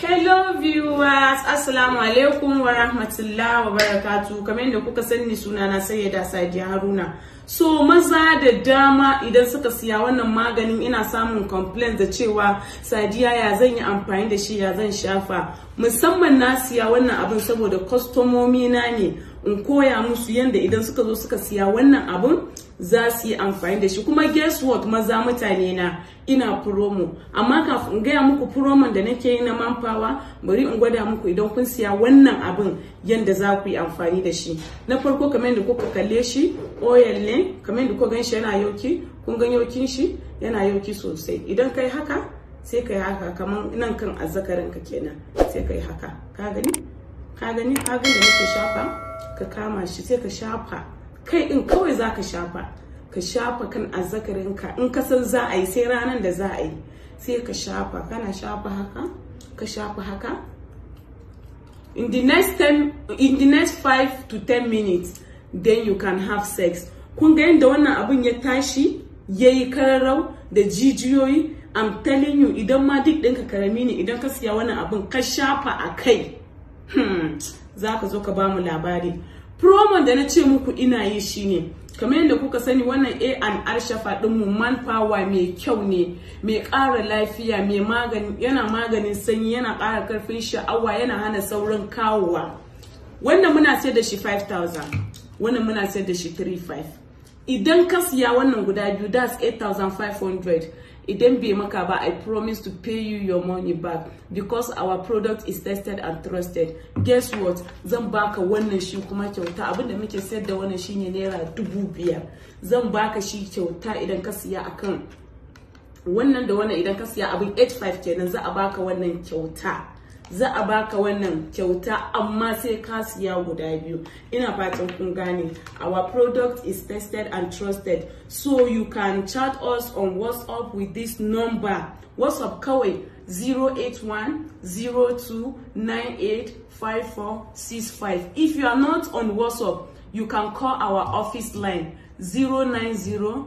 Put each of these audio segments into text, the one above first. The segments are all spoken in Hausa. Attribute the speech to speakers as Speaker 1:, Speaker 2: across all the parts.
Speaker 1: Hello viewers, Assalamu alaikum wa rahmatullah wa barakatu. Kamar yadda kuka sani sunana da Sadiya Haruna. So maza da dama idan suka siya wannan maganin ina samun complaint da cewa Sadiya ya zan yi amfani da shi ya zan shafa. Musamman na siya wannan abin saboda kwastomomi na ne. in koya musu yadda idan suka zo suka siya wannan abun za su yi amfani da shi kuma guess what maza mutane na ina promo amma kafin in gaya muku promo da nake yi na manpower bari in gwada muku idan kun siya wannan abun yadda za ku yi amfani da shi na farko kamar da kuka kalle shi oil ne kamar da kuka gan shi yana yauki kun gan yaukin shi yana yauki sosai idan kai haka sai kai haka kamar nan kan azzakarin ka kenan sai kai haka ka gani ka gani ka gani da nake shafa ka kama shi sai ka shafa kai in kawai za ka shafa ka shafa kan azzakarinka in ka san za a yi sai ranar da za a yi sai ka shafa kana shafa haka ka shafa haka in the next 10 in the next 5 to 10 minutes then you can have sex kun ga yadda wannan abun ya tashi ya yi da jijiyoyi i'm telling you idan ma duk ɗinka karami ne idan ka siya wannan abun ka shafa a kai Hmm, za ka zo ka bamu labari promon da na ce muku ina yi shine kamar yadda kuka sani wannan a&r shafa man manpower mai kyau ne mai ƙara lafiya mai magani yana maganin sanyi yana ƙara karfin sha'awa yana hana saurin kawowa wannan muna sayar da shi 5000 wannan muna sayar da shi 35 idan ka siya wannan guda biyu that's 8500 idan bai maka ba i promise to pay you your money back because our product is tested and trusted guess what zan baka wannan shi kuma kyauta abinda muke sayar da wannan shine naira dubu biyar zan baka shi kyauta idan ka siya akan wannan da wannan idan ka siya abin 85 kenan za a baka wannan kyauta za a baka wannan kyauta amma sai ka siya guda biyu ina fatan kun gane our product is tested and trusted so you can chat us on whatsapp with this number whatsapp kawai 08102985465 if you are not on whatsapp you can call our office line 090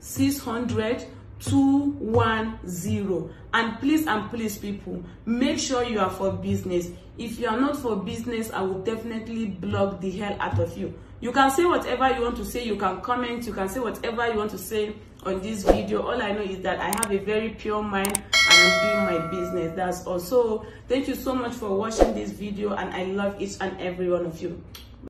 Speaker 1: six hundred 210 and please and please people make sure you are for business if you are not for business i will definitely block the hell out of you you can say whatever you want to say you can comment you can say whatever you want to say on this video all i know is that i have a very pure mind and i'm doing my business that's all so thank you so much for watching this video and i love each and every one of you